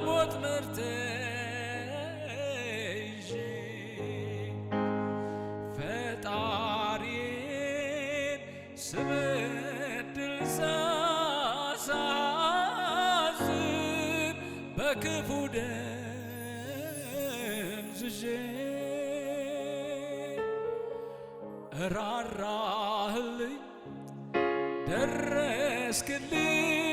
ታቦት ምርት ይዤ ፈጣሪን ስበድል ሳሳዝን በክፉ ደምዝዤ ራራህልኝ ደረስክልኝ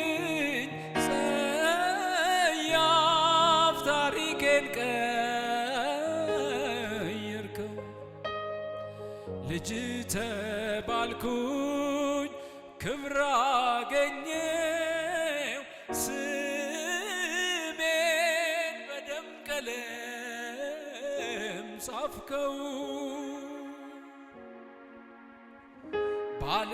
እጅ ተባልኩኝ ክብር አገኘው ስሜን በደም ቀለም ጻፍከው ባለ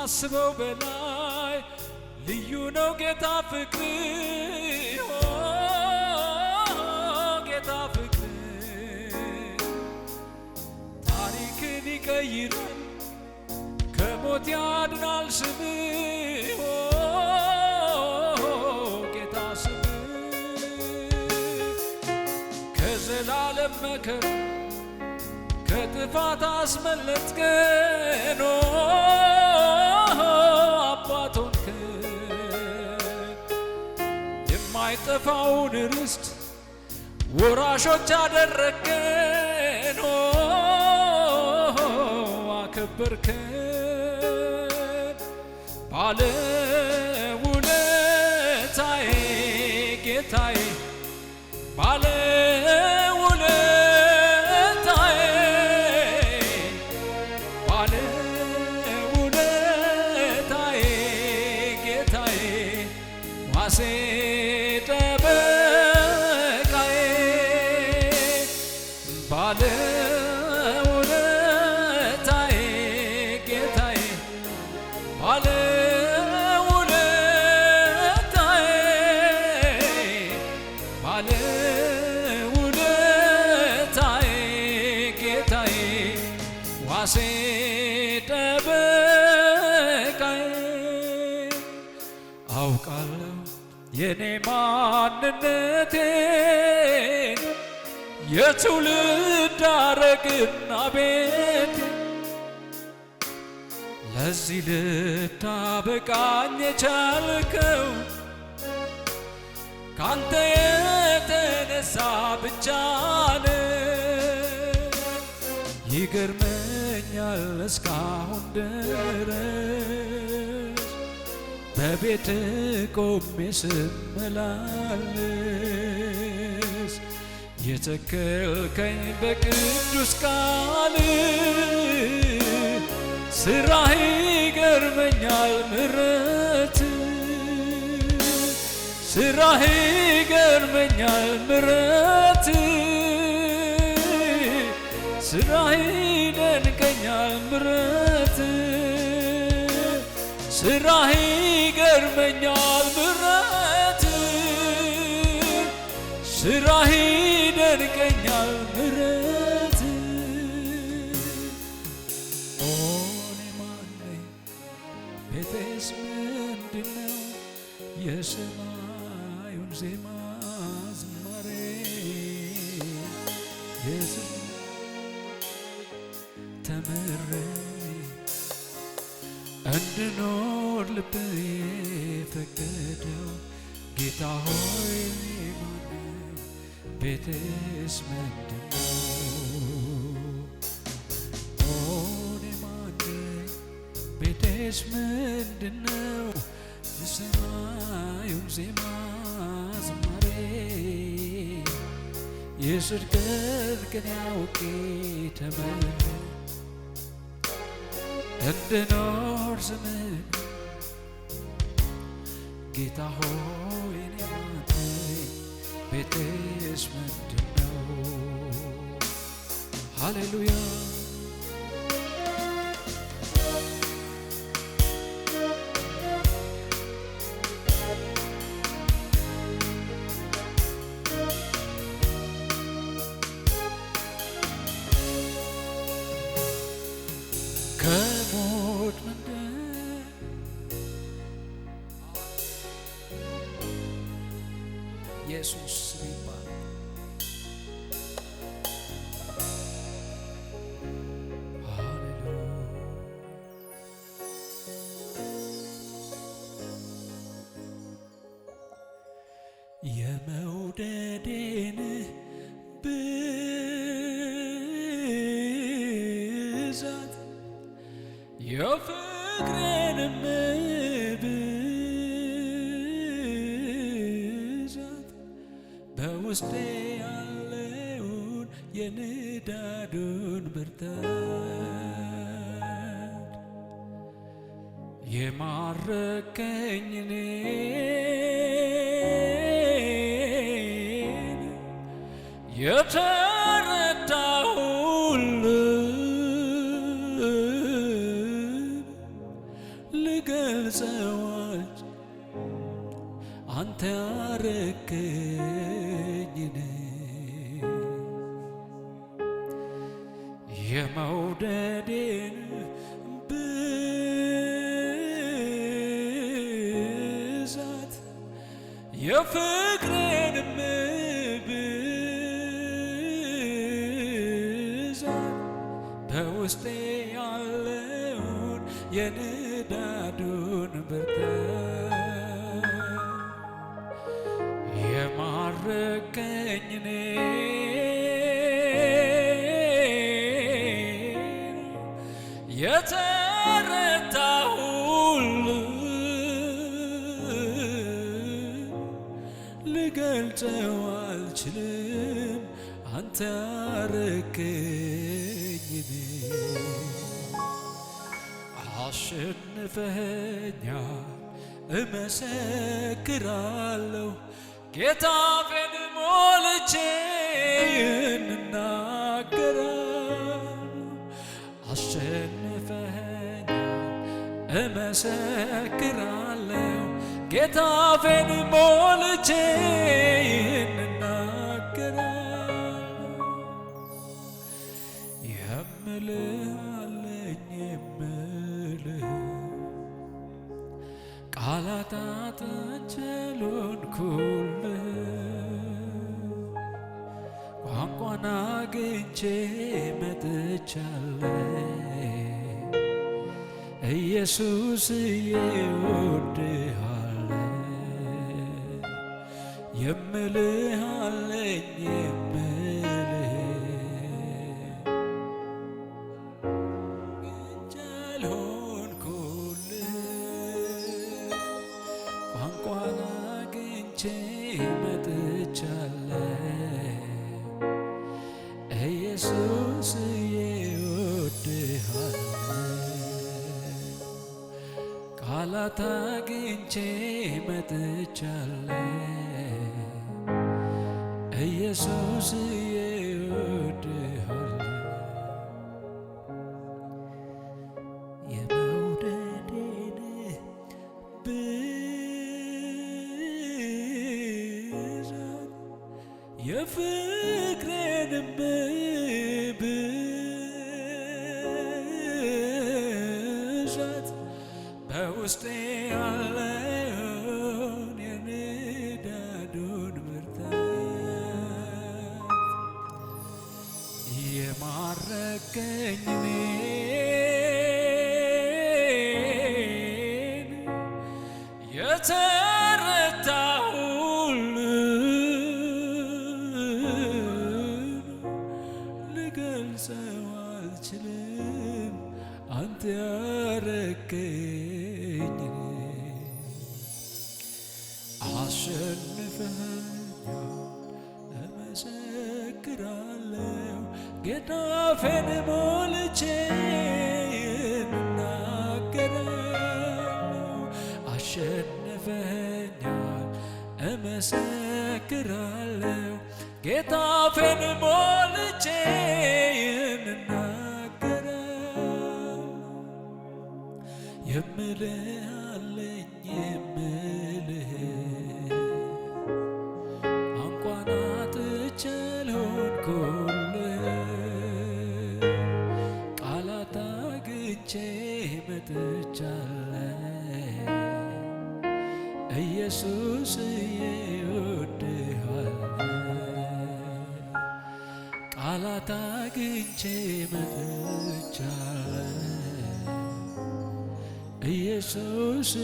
ከምናስበው በላይ ልዩ ነው ጌታ ፍቅር ጌታ ፍቅር ታሪክን ይቀይራል ከሞት ያድናል ስም ጌታ ስም ከዘላለም መከር ከጥፋት አስመለጥከን የማይጠፋውን ርስት ወራሾች አደረገን። አከበርከን ባለ ባለ ውለታዬ ጌታዬ ዋሴ ጠበቃዬ አውቃለሁ የኔ ማንነቴ የትውልድ አረግና ቤት ለዚህ ልታበቃኝ የቻልከው ካንተ የተነሳ ብቻ ይገርመኛል እስካሁን ድረስ በቤት ቆሜ ስመላለስ የተከልከኝ በቅዱስ ቃል ስራህ ይገርመኛል ምረት ስራህ ገርመኛል ምረት ስራህ ደንቀኛል ምረት ስራህ ገርመኛል ዜማ ዝማሬ ተምሬ እንድኖር ልብ የፈቀደው ጌታ ሆይ ማንም ቤቴስ ምንድነው? ሆኔ ማንም ቤቴስ ምንድነው? የሰማዩ ዜማ ዝማሬ የጽድቅ ጽድቅን አውቄ ተመልሼ እንድኖር ስምህ ጌታ ሆይ እኔ አንተ ቤትስ ሃሌሉያ የመውደዴን ብዛት የፍቅሬንም ብዛት በውስጤ ያለውን የንዳዱን ብርታት የማረከኝኔ የተረዳሁል ልገልጸዋች አንተ ያረከኝን የመውደዴን ብዛት የፍ በውስጤ ያለውን የንዳዱን ብርታት የማረከኝ እኔን የተረታ ሁሉ ልገልጸው አልችልም አንተ አረከኝ ልቤ እመሰክራለሁ ጌታ አፌን ሞልቼ እናገራለሁ። አሸንፈኛል፣ እመሰክራለሁ ጌታ አፌን ሞልቼ አላጣጥቼ ኩል ቋንቋን አግኝቼ መጥቻለሁ ኢየሱስዬ እወድሃለሁ የምልሃለኝ። ኋላ ታግኝቼ መጥቻለሁ ኢየሱስ የፍቅሬንም ውስጤ ያለውን የንዳዱን ብርታት የማረከኝ እኔን የተ እመሰክራለሁ ገናፌን ሞልቼ እናገራለሁ አሸነፈኛል። እመሰክራለሁ ገናፌን ሞልቼ እናገራለሁ የምልህ አለኝ የምልህ ብቻ ኢየሱስ እወድሃለሁ ቃላት አግኝቼ መጥቻለሁ ኢየሱስ